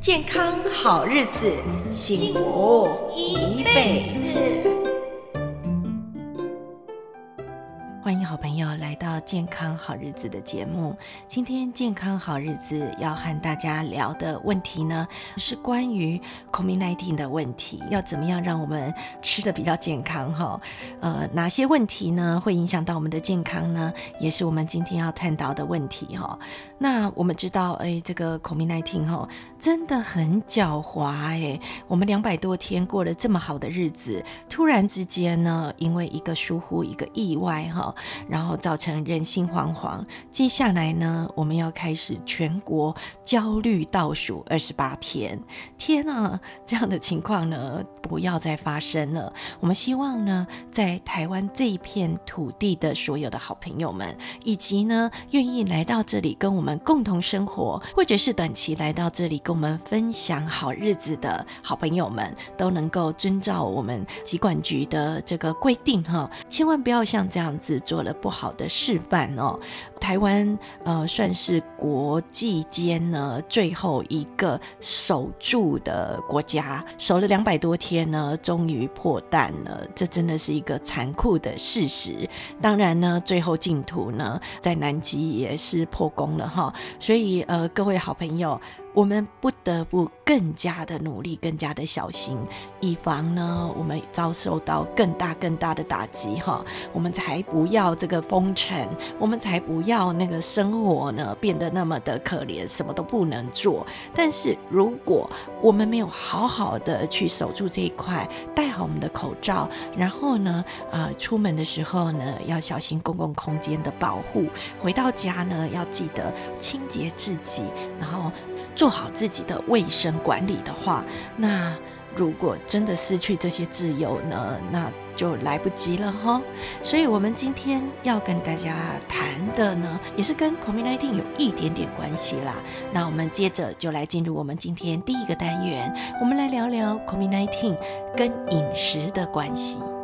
健康好日子，幸福一輩子。歡迎好朋友來到健康好日子的節目。今天健康好日子要和大家聊的問題呢，是關於 COVID 19的問題。要怎麼樣讓我們吃得比較健康？哈，呃，哪些問題呢會影響到我們的健康呢？也是我們今天要探討的問題。哈，那我們知道，哎，這個 COVID 19哈，真的很狡猾。哎，我們兩百多天過了這麼好的日子，突然之間呢，因為一個疏忽，一個意外，哈。然後造成人心惶惶。接下來呢，我們要開始全國焦慮倒數二十八天。天啊，這樣的情況呢，不要再發生了。我們希望呢，在台灣這一片土地的所有的好朋友們，以及呢，願意來到這裡跟我們共同生活，或者是短期來到這裡跟我們分享好日子的好朋友們，都能夠遵照我們疾管局的這個規定，哈，千萬不要像這樣子。做了不好的示範哦，台灣呃算是國際間呢最後一個守住的國家，守了兩百多天呢，終於破蛋了，這真的是一個殘酷的事實。當然呢，最後淨土呢在南極也是破功了哈，所以呃各位好朋友。我們不得不更加的努力，更加的小心，以防呢我們遭受到更大更大的打擊哈。我們才不要這個封城，我們才不要那個生活呢變得那麼的可憐，什麼都不能做。但是如果我們沒有好好的去守住這一塊，戴好我們的口罩，然後呢啊、呃、出門的時候呢要小心公共空間的保護，回到家呢要記得清潔自己，然後。做好自己的衛生管理的話，那如果真的失去這些自由呢，那就來不及了哈。所以，我們今天要跟大家談的呢，也是跟 COVID-19 有一點點關係啦。那我們接着就來進入我們今天第一個單元，我們來聊聊 COVID-19 跟飲食的關係。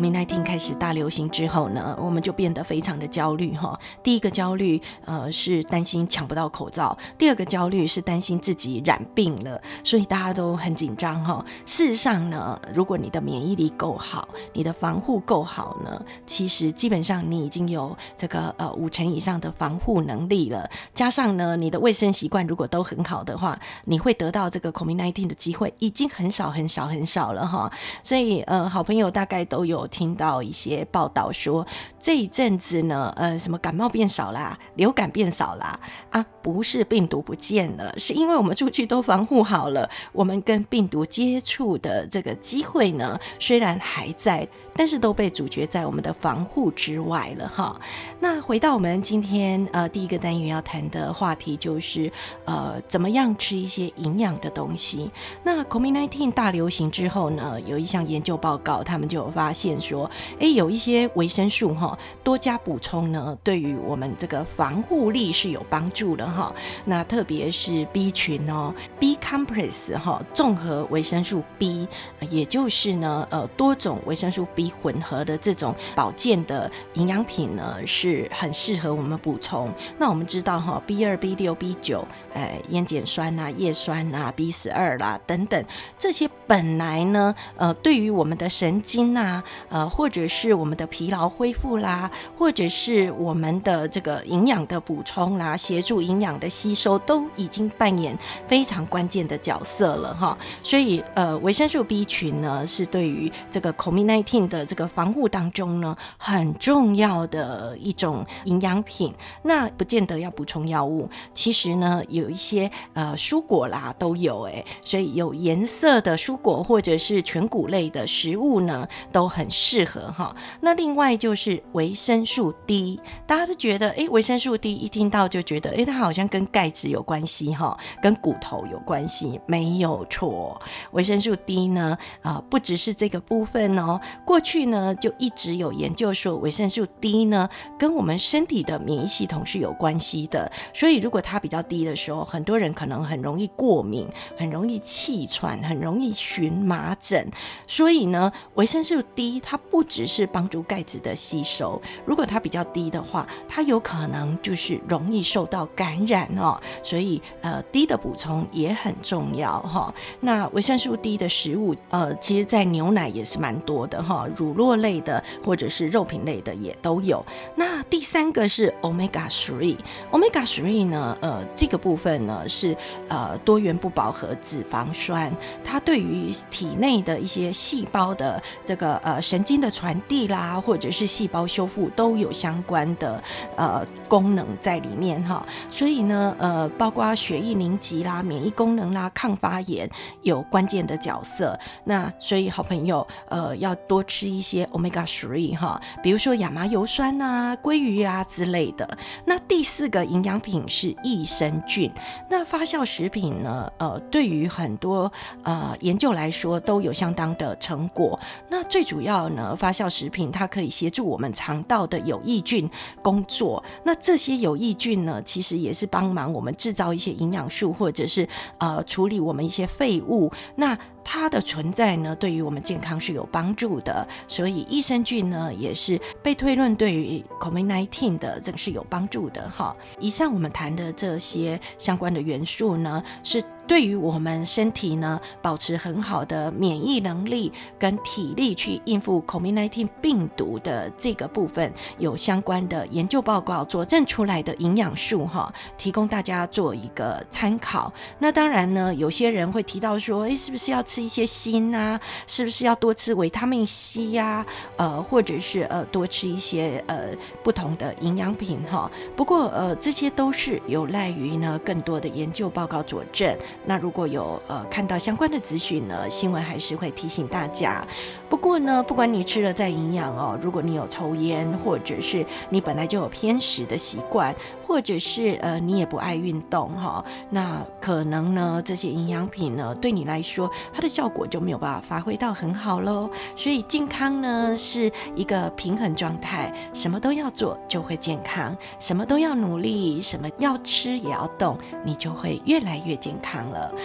COVID-19 開始大流行之後呢，我們就變得非常的焦慮哈。第一個焦慮，呃，是擔心搶不到口罩；第二個焦慮是擔心自己染病了，所以大家都很緊張哈。事實上呢，如果你的免疫力夠好，你的防護夠好呢，其實基本上你已經有這個呃五成以上的防護能力了。加上呢，你的衛生習慣如果都很好的話，你會得到這個 COVID-19 的機會已經很少很少很少了哈。所以呃，好朋友大概都有。聽到一些報道說，這一陣子呢，呃，什麼感冒變少啦，流感變少啦，啊，不是病毒不見了，是因為我們出去都防護好了，我們跟病毒接觸的這個機會呢，雖然還在。但是都被阻絕在我們的防護之外了哈。那回到我們今天呃第一個單元要談的話題，就是呃怎麼樣吃一些營養的東西。那 COVID-19 大流行之後呢，有一項研究報告，他們就發現說，誒，有一些維生素哈，多加補充呢，對於我們這個防護力是有幫助的哈。那特別是 B 群哦，B complex 哈，綜合維生素 B，也就是呢呃多種維生素 B。混合的這種保健的營養品呢，是很適合我們補充。那我們知道哈，B 二、B 六、B 九，哎，菸鹼酸啊、葉酸啊、B 十二啦等等，這些本來呢，呃，對於我們的神經啊，呃，或者是我們的疲勞恢復啦，或者是我們的這個營養的補充啦，協助營養的吸收，都已經扮演非常關鍵的角色了哈。所以，呃，維生素 B 群呢，是對於這個 COVID-19 的這個防護當中呢，很重要的一種營養品，那不見得要補充藥物。其實呢，有一些呃蔬果啦都有欸，所以有顏色的蔬果或者是全穀類的食物呢，都很適合哈、哦。那另外就是維生素 D，大家都覺得哎，欸，維生素 D 一聽到就覺得哎、欸，它好像跟鈣質有關係哈、哦，跟骨頭有關係，沒有錯、哦。維生素 D 呢，啊、呃，不只是這個部分哦，過。去呢，就一直有研究說維生素 D 呢，跟我們身體的免疫系統是有關係的。所以如果它比較低的時候，很多人可能很容易過敏，很容易氣喘，很容易蕁麻疹。所以呢，維生素 D 它不只是幫助鈣質的吸收，如果它比較低的話，它有可能就是容易受到感染哦。所以呃，D 的補充也很重要哈、哦。那維生素 D 的食物呃，其實在牛奶也是蠻多的哈、哦。乳酪類的，或者是肉品類的也都有。那第三個是 omega three，omega three 呢？呃，這個部分呢，是呃多元不飽和脂肪酸，它對於體內的一些細胞的這個呃神經的傳遞啦，或者是細胞修復都有相關的呃功能在裡面哈。所以呢呃，包括血液凝集啦、免疫功能啦、抗發炎有關鍵的角色。那所以好朋友呃要多吃。是一些 omega three 哈，比如說亞麻油酸吶、啊、鮭魚啊之類的。那第四個營養品是益生菌。那發酵食品呢？呃，對於很多呃研究來說都有相當的成果。那最主要呢，發酵食品它可以協助我們腸道的有益菌工作。那這些有益菌呢，其實也是幫忙我們製造一些營養素，或者是呃處理我們一些廢物。那它的存在呢，對於我們健康是有幫助的，所以益生菌呢，也是被推論對於 COVID-19 的這個是有幫助的哈。以上我們談的這些相關的元素呢，是，對於我們身體呢，保持很好的免疫能力跟體力去應付 COVID-19 病毒的這個部分，有相關的研究報告佐證出來的營養素哈、哦，提供大家做一個參考。那當然呢，有些人會提到說，哎，是不是要吃一些鋅啊？是不是要多吃維他命 C 呀，啊？呃，或者是呃多吃一些呃不同的營養品哈、哦？不過呃這些都是有賴於呢更多的研究報告佐證。那如果有呃看到相關的資訊呢，新聞還是會提醒大家。不過呢，不管你吃了再營養哦，如果你有抽煙，或者是你本來就有偏食的習慣，或者是呃你也不愛運動哦，那可能呢這些營養品呢對你來說它的效果就沒有辦法發揮到很好嘍。所以健康呢是一個平衡狀態，什麼都要做就會健康，什麼都要努力，什麼要吃也要動，你就會越來越健康。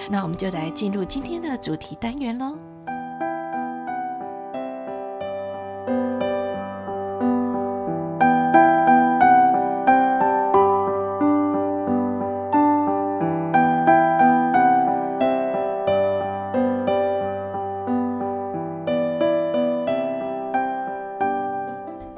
那我們就來進入今天的主題單元嘍。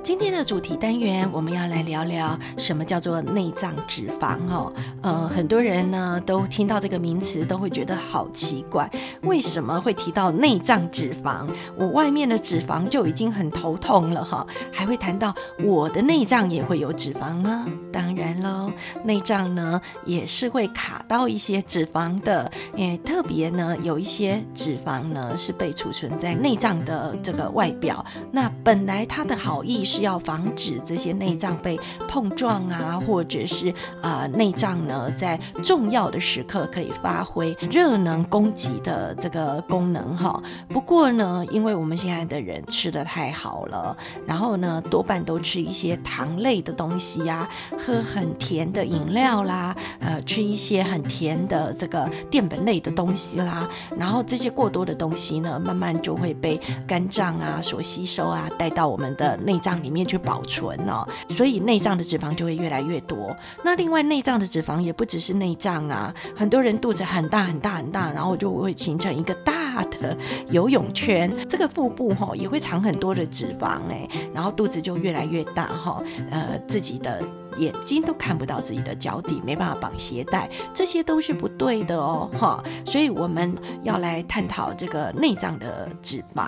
今天的主題單元，我們要來聊聊什麼叫做內臟脂肪哦。呃，很多人呢都聽到這個名詞，都會覺得好奇怪，為什麼會提到內臟脂肪？我外面的脂肪就已經很頭痛了哈，還會談到我的內臟也會有脂肪嗎？當然咯，內臟呢也是會卡到一些脂肪的，欸特別呢有一些脂肪呢是被儲存在內臟的這個外表。那本來它的好意是。是要防止這些內臟被碰撞啊，或者是啊內臟呢在重要的時刻可以發揮熱能供給的這個功能哈。不過呢，因為我們現在的人吃的太好了，然後呢多半都吃一些糖類的東西呀、啊，喝很甜的飲料啦，呃，吃一些很甜的這個澱粉類的東西啦，然後這些過多的東西呢，慢慢就會被肝臟啊所吸收啊，帶到我們的內臟裡。裡面去保存呢、喔，所以內臟的脂肪就會越來越多。那另外內臟的脂肪也不只是內臟啊，很多人肚子很大很大很大，然後就會形成一個大的游泳圈。這個腹部哈、喔、也會藏很多的脂肪誒、欸，然後肚子就越來越大哈、喔，呃，自己的，眼睛都看不到自己的腳底，沒辦法綁鞋帶，這些都是不對的哦，哈、哦。所以我們要來探討這個內臟的脂肪。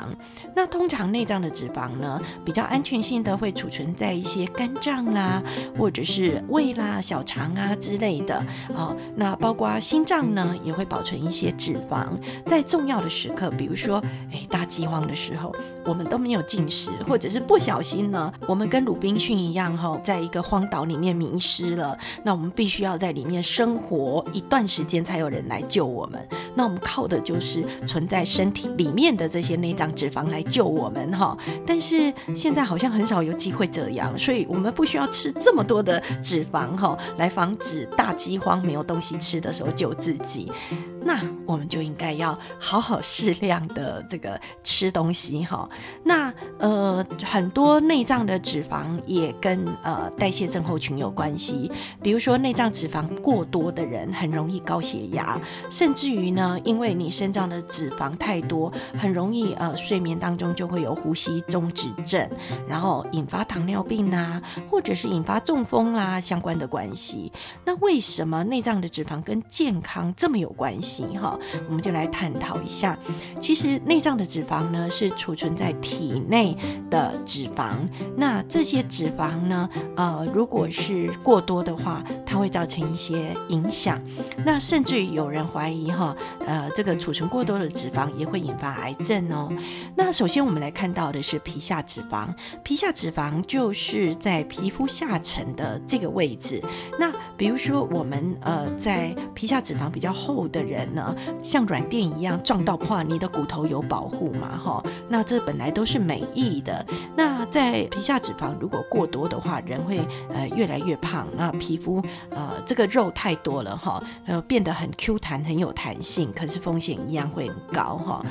那通常內臟的脂肪呢，比較安全性的會儲存在一些肝臟啦、啊，或者是胃啦、小腸啊之類的，哦。那包括心臟呢，也會保存一些脂肪。在重要的時刻，比如說哎、欸、大饑荒的時候，我們都沒有進食，或者是不小心呢，我們跟魯濱遜一樣、哦，哈，在一個荒島裡。裡面迷失了，那我們必須要在裡面生活一段時間，才有人來救我們。那我們靠的就是存在身體裡面的這些內臟脂肪來救我們哈。但是現在好像很少有機會這樣，所以我們不需要吃這麼多的脂肪哈，來防止大饑荒沒有東西吃的時候救自己。那我們就應該要好好適量的這個吃東西哈。那呃，很多內臟的脂肪也跟呃代謝症候群有關係。比如說內臟脂肪過多的人很容易高血壓，甚至於呢，因為你身上的脂肪太多，很容易呃睡眠當中就會有呼吸中止症，然後引發糖尿病啦、啊，或者是引發中風啦、啊，相關的關係。那為什麼內臟的脂肪跟健康這麼有關係？行哈，我們就來探討一下。其實內臟的脂肪呢，是儲存在體內的脂肪。那這些脂肪呢，呃，如果是過多的話，它會造成一些影響。那甚至於有人懷疑哈，呃，這個儲存過多的脂肪也會引發癌症哦。那首先我們來看到的是皮下脂肪。皮下脂肪就是在皮膚下層的這個位置。那比如說我們呃，在皮下脂肪比較厚的人。人呢，像軟墊一樣，撞到破你的骨頭有保護嘛？哈，那這本來都是美意的。那在皮下脂肪如果過多的話，人會呃越來越胖，那皮膚呃這個肉太多了哈，呃變得很 Q 彈，很有彈性，可是風險一樣會很高哈。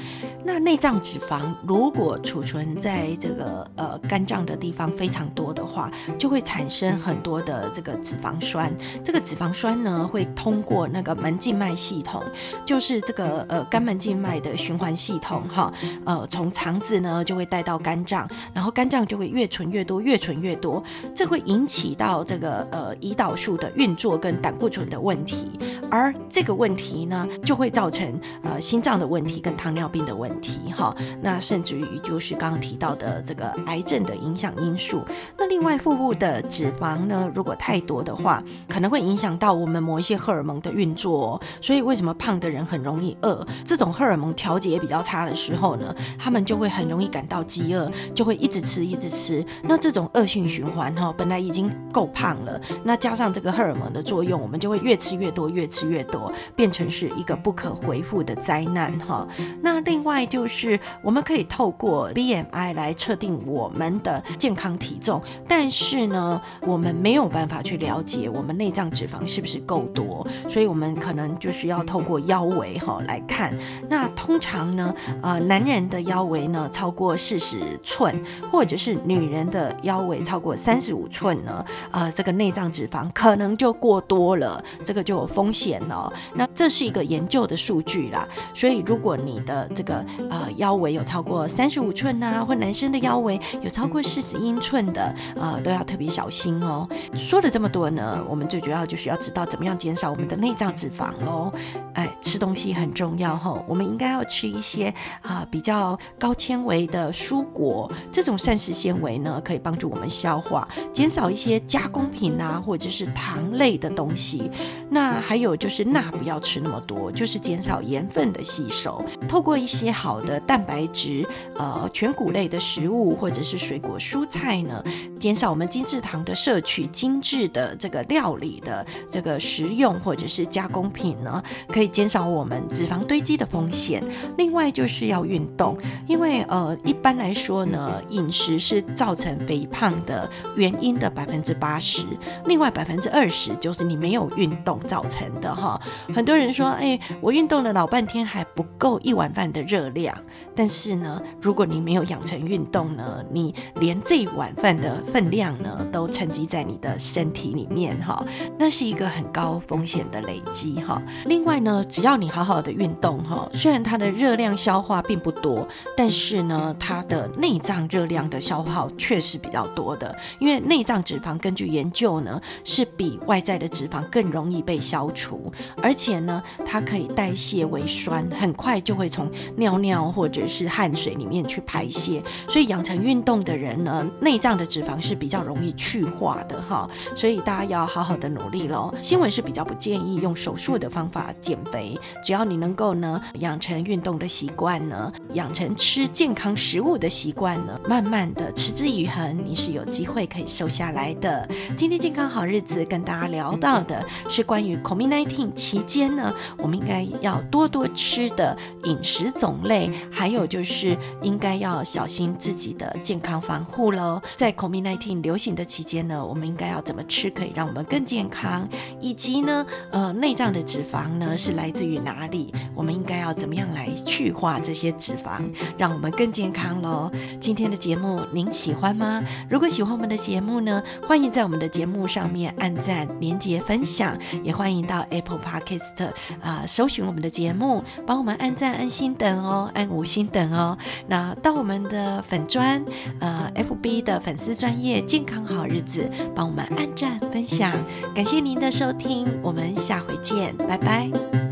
那內臟脂肪如果儲存在這個呃肝臟的地方非常多的話，就會產生很多的這個脂肪酸。這個脂肪酸呢，會通過那個門靜脈系統。就是這個呃肝門靜脈的循環系統哈、哦，呃從腸子呢就會帶到肝臟，然後肝臟就會越存越多，越存越多，這會引起到這個呃胰島素的運作跟膽固醇的問題，而這個問題呢就會造成呃心臟的問題跟糖尿病的問題哈、哦，那甚至於就是剛剛提到的這個癌症的影響因素。那另外腹部的脂肪呢，如果太多的話，可能會影響到我們某一些荷爾蒙的運作、哦，所以為什麼怕胖的人很容易餓，這種荷爾蒙調節比較差的時候呢，他們就會很容易感到飢餓，就會一直吃一直吃。那這種惡性循環哈、哦，本來已經夠胖了，那加上這個荷爾蒙的作用，我們就會越吃越多，越吃越多，變成是一個不可恢復的災難哈。那另外就是我們可以透過 BMI 來測定我們的健康體重，但是呢，我們沒有辦法去了解我們內臟脂肪是不是夠多，所以我們可能就需要透過腰圍哈、哦、來看，那通常呢，呃，男人的腰圍呢超過四十寸，或者是女人的腰圍超過三十五寸呢，呃，這個內臟脂肪可能就過多了，這個就有風險了、哦。那這是一個研究的數據啦，所以如果你的這個呃腰圍有超過三十五寸啊，或男生的腰圍有超過四十英寸的，呃，都要特別小心哦。說了這麼多呢，我們最主要就是要知道怎麼樣減少我們的內臟脂肪嘍，哎。吃東西很重要哈，我們應該要吃一些啊、呃、比較高纖維的蔬果，這種膳食纖維呢可以幫助我們消化，減少一些加工品吶、啊，或者是糖類的東西。那還有就是鈉不要吃那麼多，就是減少鹽分的吸收。透過一些好的蛋白質，呃全穀類的食物或者是水果蔬菜呢，減少我們精制糖的攝取，精緻的這個料理的這個食用或者是加工品呢，可以。減少我們脂肪堆積的風險，另外就是要運動，因為呃一般來說呢，飲食是造成肥胖的原因的百分之八十，另外百分之二十就是你沒有運動造成的哈。很多人說，誒、欸，我運動了老半天還不夠一碗飯的熱量，但是呢，如果你沒有養成運動呢，你連這一碗飯的分量呢都沉積在你的身體裡面哈，那是一個很高風險的累積哈。另外呢。只要你好好的運動哈，雖然它的熱量消化並不多，但是呢，它的內臟熱量的消耗確實比較多的。因為內臟脂肪根據研究呢，是比外在的脂肪更容易被消除，而且呢，它可以代謝為酸，很快就會從尿尿或者是汗水裡面去排泄。所以養成運動的人呢，內臟的脂肪是比較容易去化的哈。所以大家要好好的努力咯。新聞是比較不建議用手術的方法減肥，只要你能夠呢，養成運動的習慣呢，養成吃健康食物的習慣呢，慢慢的持之以恆，你是有機會可以瘦下來的。今天健康好日子跟大家聊到的是關於 COVID nineteen 期間呢，我們應該要多多吃的飲食種類，還有就是應該要小心自己的健康防護嘍。在 COVID nineteen 流行的期間呢，我們應該要怎麼吃可以讓我們更健康，以及呢，呃，內臟的脂肪呢是。來自於哪裡？我們應該要怎麼樣來去化這些脂肪，讓我們更健康咯。今天的節目您喜歡嗎？如果喜歡我們的節目呢，歡迎在我們的節目上面按贊、連接、分享，也歡迎到 Apple Podcast 啊、呃、搜尋我們的節目，幫我們按贊、按星等哦，按五星等哦。那到我們的粉專，呃，FB 的粉絲專業健康好日子，幫我們按贊、分享，感謝您的收聽，我們下回見，拜拜。